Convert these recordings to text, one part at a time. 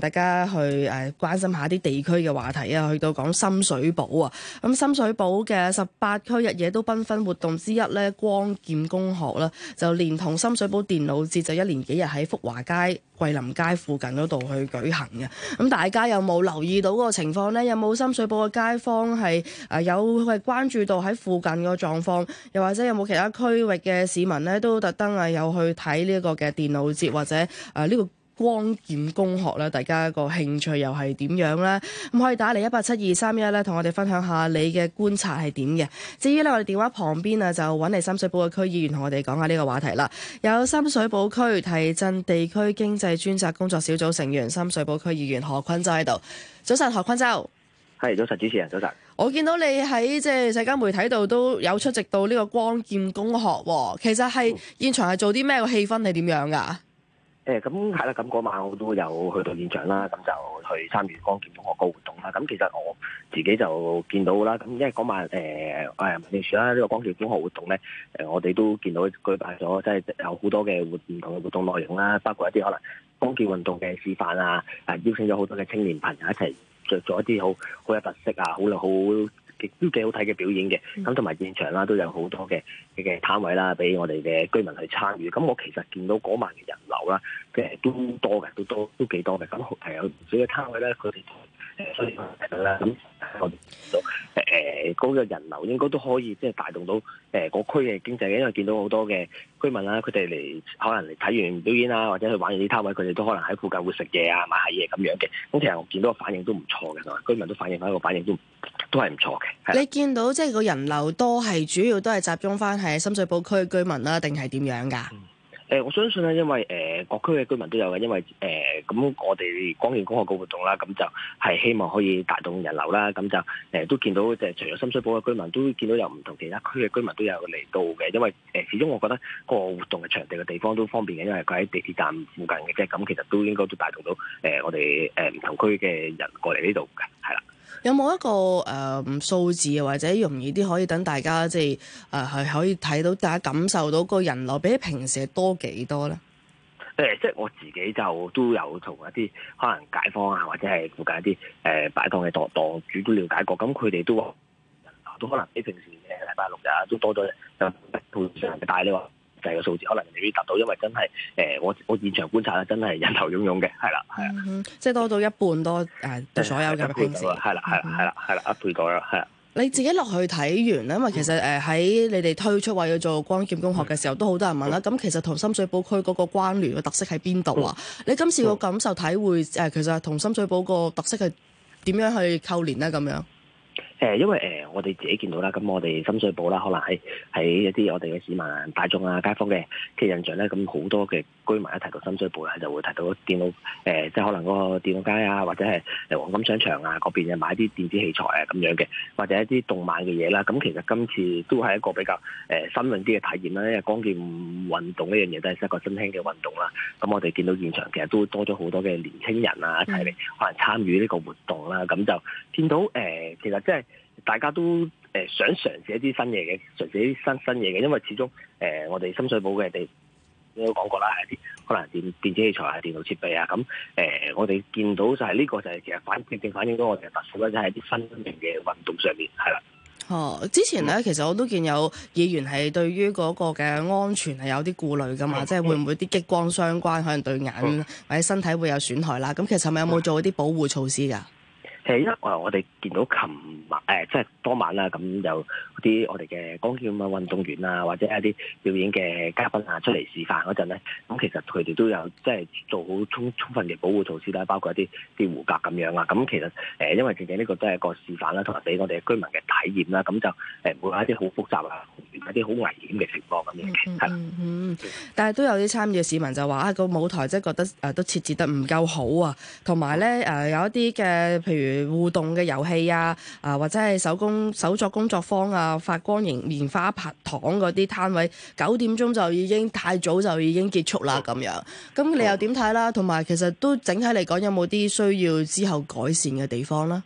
大家去誒、啊、關心下啲地區嘅話題啊，去到講深水埗啊，咁深水埗嘅十八區日夜都繽紛活動之一呢，光劍工學啦、啊，就連同深水埗電腦節就一連幾日喺福華街、桂林街附近嗰度去舉行嘅。咁、啊、大家有冇留意到嗰個情況呢？有冇深水埗嘅街坊係誒、啊、有去關注到喺附近個狀況？又或者有冇其他區域嘅市民呢，都特登係有去睇呢個嘅電腦節或者誒呢、啊呢個？光劍工學咧，大家個興趣又係點樣呢？咁可以打嚟一八七二三一咧，同我哋分享下你嘅觀察係點嘅。至於咧，我哋電話旁邊啊，就揾嚟深水埗嘅區議員同我哋講下呢個話題啦。有深水埗區提振地區經濟專責工作小組成員，深水埗區議員何坤洲喺度。早晨，何坤洲。係，早晨，主持人，早晨。我見到你喺即係社交媒體度都有出席到呢個光劍工學喎。其實係、嗯、現場係做啲咩？個氣氛係點樣㗎？誒咁係啦，咁嗰、欸、晚我都有去到現場啦，咁就去參與光劍中學個活動啦。咁其實我自己就見到啦，咁因為嗰晚誒誒、呃哎、民政處啦，呢、這個光劍中學活動咧，誒、呃、我哋都見到舉辦咗，即係有好多嘅活動唔同嘅活動內容啦，包括一啲可能光劍運動嘅示範啊，誒、啊、邀請咗好多嘅青年朋友一齊著做一啲好好有特色啊，好好。亦都幾好睇嘅表演嘅，咁同埋現場啦都有好多嘅嘅攤位啦，俾我哋嘅居民去參與。咁我其實見到嗰晚嘅人流啦，誒都多嘅，都多都幾多嘅。咁係有唔少嘅攤位咧，佢哋。所以咁啦，咁、 嗯、我見到誒，嗰、呃、個人流應該都可以即係帶動到誒，個區嘅經濟嘅，因為見到好多嘅居民啦，佢哋嚟可能嚟睇完表演啦，或者去玩完啲攤位，佢哋都可能喺附近會食嘢啊、買下嘢咁樣嘅。咁其實我見到個反應都唔錯嘅，同埋居民都反映開個反應，反應都都係唔錯嘅。你見到即係個人流多係主要都係集中翻喺深水埗區居民啦，定係點樣噶？嗯誒、欸，我相信咧，因為誒、呃，各區嘅居民都有嘅，因為誒，咁、呃、我哋光劍公學嘅活動啦，咁就係希望可以帶動人流啦，咁就誒、呃、都見到，就係除咗深水埗嘅居民，都見到有唔同其他區嘅居民都有嚟到嘅，因為誒、呃，始終我覺得個活動嘅場地嘅地方都方便嘅，因為佢喺地鐵站附近嘅啫，咁其實都應該都帶動到誒、呃、我哋誒唔同區嘅人過嚟呢度嘅，係啦。有冇一個誒、呃、數字啊，或者容易啲可以等大家即係誒係可以睇到大家感受到個人流比平時多幾多咧？誒、嗯，即係我自己就都有同一啲可能街坊啊，或者係附近一啲誒、呃、擺檔嘅檔主都了解過，咁佢哋都話人流都可能比平時嘅禮拜六日都多咗有倍上嘅大你，喎。嘅數字可能未必達到，因為真係誒，我我現場觀察咧，真係人頭涌涌嘅，係啦，係啦，即係多到一半多誒，所有嘅票子，係啦，係啦，係啦，係啦，一半咁樣，係啦。你自己落去睇完，因為其實誒喺你哋推出話要做光劍工學嘅時候，都好多人問啦。咁其實同深水埗區嗰個關聯嘅特色喺邊度啊？你今次個感受體會誒，其實同深水埗個特色係點樣去扣連咧咁樣？誒，因為誒，我哋自己見到啦，咁我哋深水埗啦，可能喺喺一啲我哋嘅市民、大眾啊、街坊嘅嘅印象咧，咁好多嘅居民一提到深水埗咧，就會提到電腦，誒、呃，即係可能個電腦街啊，或者係嚟黃金商場啊嗰邊買啲電子器材啊咁樣嘅，或者一啲動漫嘅嘢啦。咁其實今次都係一個比較誒、呃、新穎啲嘅體驗啦，因為光劍運動呢樣嘢都係一個新興嘅運動啦。咁我哋見到現場其實都多咗好多嘅年青人啊，一齊嚟可能參與呢個活動啦。咁就見到誒、呃，其實即、就、係、是。大家都誒想嘗試一啲新嘢嘅，嘗試一啲新新嘢嘅，因為始終誒、呃、我哋深水埗嘅地，都講過啦，係啲可能電電子器材啊、電腦設備啊，咁、嗯、誒、呃、我哋見到就係呢個就係其實反正正反映咗我哋嘅特色啦，就係啲新型嘅運動上面係啦。哦，之前咧其實我都見有議員係對於嗰個嘅安全係有啲顧慮噶嘛，嗯、即係會唔會啲激光相關可能對眼、嗯、或者身體會有損害啦？咁其實係咪有冇做啲保護措施㗎？誒，因為我哋見到琴晚誒、欸，即係當晚啦，咁有啲我哋嘅光劍嘅運動員啊，或者一啲表演嘅嘉賓啊，出嚟示範嗰陣咧，咁其實佢哋都有即係做好充充分嘅保護措施啦，包括一啲啲護甲咁樣啊。咁其實誒、欸，因為正正呢個都係個示範啦，同埋俾我哋居民嘅體驗啦，咁就誒唔會有一啲好複雜啊，一啲好危險嘅情況咁樣嘅。嗯、嗯、嗯但係都有啲參與嘅市民就話啊，個舞台即係覺得誒都設置得唔夠好啊，同埋咧誒有一啲嘅譬如。互動嘅遊戲啊，啊或者係手工手作工作坊啊，發光型棉花拍糖嗰啲攤位，九點鐘就已經太早就已經結束啦，咁樣。咁、嗯、你又點睇啦？同埋、嗯、其實都整體嚟講，有冇啲需要之後改善嘅地方咧？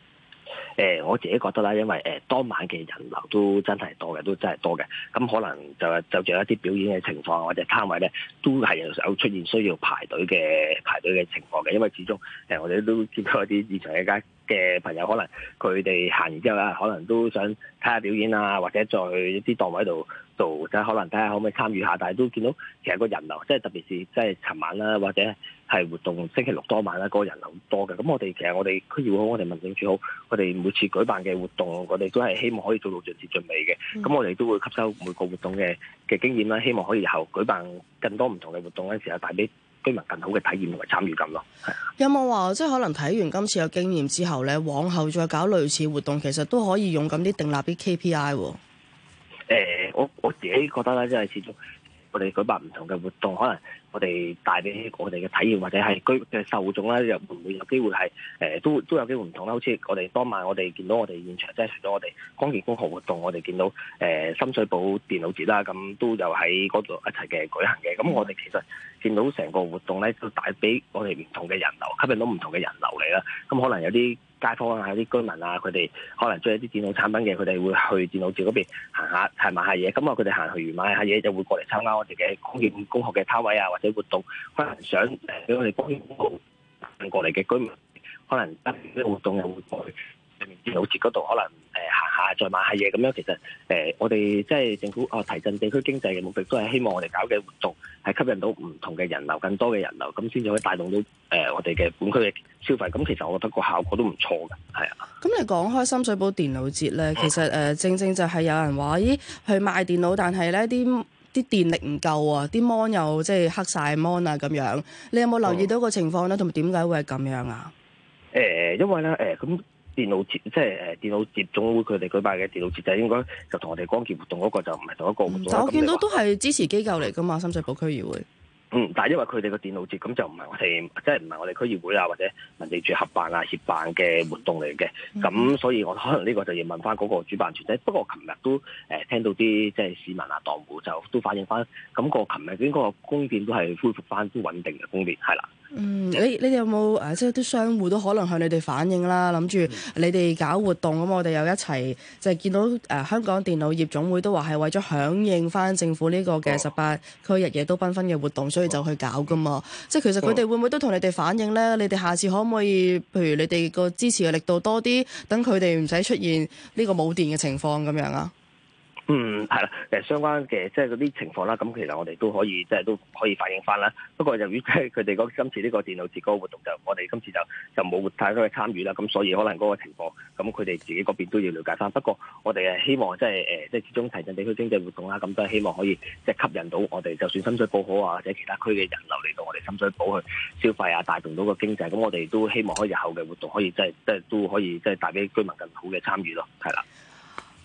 誒、欸，我自己覺得啦，因為誒、呃、當晚嘅人流都真係多嘅，都真係多嘅。咁可能就就著一啲表演嘅情況或者攤位咧，都係有出現需要排隊嘅排隊嘅情況嘅。因為始終誒我哋都見到一啲現場嘅街。持人嘅朋友可能佢哋行完之後咧，可能都想睇下表演啊，或者再去一啲檔位度做，即係可能睇下可唔可以參與下。但係都見到其實個人流，即係特別是即係尋晚啦，或者係活動星期六當晚啦，個人流多嘅。咁我哋其實我哋區議會好，我哋民政處好，我哋每次舉辦嘅活動，我哋都係希望可以做到盡善盡美嘅。咁我哋都會吸收每個活動嘅嘅經驗啦，希望可以後舉辦更多唔同嘅活動嗰陣時啊，帶俾居民更好嘅體驗同埋參與感咯，係有冇話即係可能睇完今次嘅經驗之後咧，往後再搞類似活動，其實都可以用咁啲定立啲 KPI 喎、欸？我我自己覺得咧，即係始終我哋舉辦唔同嘅活動，可能我哋帶俾我哋嘅體驗或者係居嘅受眾咧，又會唔會有機會係誒、欸、都有都有機會唔同啦？好似我哋當晚我哋見到我哋現場，即係除咗我哋光劍工學活動，我哋見到誒、欸、深水埗電腦節啦，咁都有喺嗰度一齊嘅舉行嘅。咁的我哋其實。見到成個活動咧，都帶俾我哋唔同嘅人流，吸引到唔同嘅人流嚟啦。咁、嗯、可能有啲街坊啊，有啲居民啊，佢哋可能追一啲電腦產品嘅，佢哋會去電腦節嗰邊行下，係買下嘢。咁、嗯、啊，佢哋行去完買下嘢，就會過嚟參加我哋嘅工業工學嘅攤位啊，或者活動。可能想俾我哋幫到過嚟嘅居民，可能得啲活動又會去電腦節嗰度可能。再買下嘢，咁樣，其實誒、呃，我哋即係政府哦，提振地區經濟嘅目的，都係希望我哋搞嘅活動，係吸引到唔同嘅人流，更多嘅人流，咁先至可以帶動到誒、呃、我哋嘅本區嘅消費。咁其實我覺得個效果都唔錯嘅，係啊。咁你講開深水埗電腦節咧，其實誒、呃、正正就係有人話，咦，去賣電腦，但係咧啲啲電力唔夠啊，啲 mon 又即係黑晒 mon 啊，咁樣。你有冇留意到個情況咧？同埋點解會係咁樣啊？誒，因為咧，誒、呃、咁。呃呃呃呃呃呃電腦節即係誒電腦節總會佢哋舉辦嘅電腦節就應該就同我哋光劍活動嗰個就唔係同一個活動。就、嗯、我見到都係支持機構嚟㗎嘛，深水埗區議會。嗯，但係因為佢哋個電腦節咁就唔係我哋即係唔係我哋區議會啊或者民政處合辦啊協辦嘅活動嚟嘅，咁、嗯、哼所以我可能呢個就要問翻嗰個主辦團體。不過琴日都誒、呃、聽到啲即係市民啊當舖就都反映翻，咁、那個琴日嗰個供電都係恢復翻，都穩定嘅供電係啦。嗯，你你哋有冇誒，即係啲商戶都可能向你哋反映啦，諗住你哋搞活動咁，我哋又一齊就係、是、見到誒、呃、香港電腦業總會都話係為咗響應返政府呢個嘅十八區日夜都繽紛嘅活動，所以就去搞㗎嘛。即係其實佢哋會唔會都同你哋反映呢？你哋下次可唔可以，譬如你哋個支持嘅力度多啲，等佢哋唔使出現呢個冇電嘅情況咁樣啊？嗯，係啦，誒相關嘅即係嗰啲情況啦，咁其實我哋都可以即係都可以反映翻啦。不過由於即係佢哋嗰今次呢個電腦節嗰個活動，就我哋今次就就冇太多嘅參與啦。咁所以可能嗰個情況，咁佢哋自己嗰邊都要了解翻。不過我哋係希望即係誒，即係始終提振地區經濟活動啦，咁都係希望可以即係吸引到我哋，就算深水埗好啊，或者其他區嘅人流嚟到我哋深水埗去消費啊，帶動到個經濟。咁我哋都希望可以日後嘅活動可以即係即係都可以即係帶俾居民更好嘅參與咯。係啦。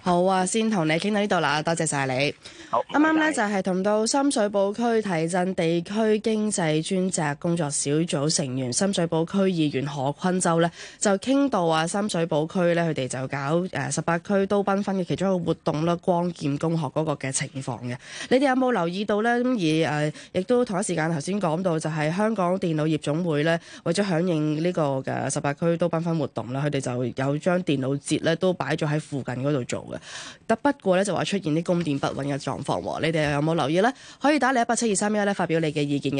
好啊，先同你傾到呢度啦，多謝晒你。好，啱啱呢謝謝就係同到深水埗區提振地區經濟專責工作小組成員深水埗區議員何坤洲呢，就傾到啊。深水埗區呢，佢哋就搞誒十八區都繽紛嘅其中一個活動啦，光劍工學嗰個嘅情況嘅。你哋有冇留意到呢？咁而誒，亦、呃、都同一時間頭先講到就係香港電腦業總會呢，為咗響應呢、呢個嘅十八區都繽紛活動啦，佢哋就有將電腦節呢都擺咗喺附近嗰度做。但不過咧，就話出現啲供電不穩嘅狀況，你哋又有冇留意咧？可以打你一八七二三一咧，發表你嘅意見嘅。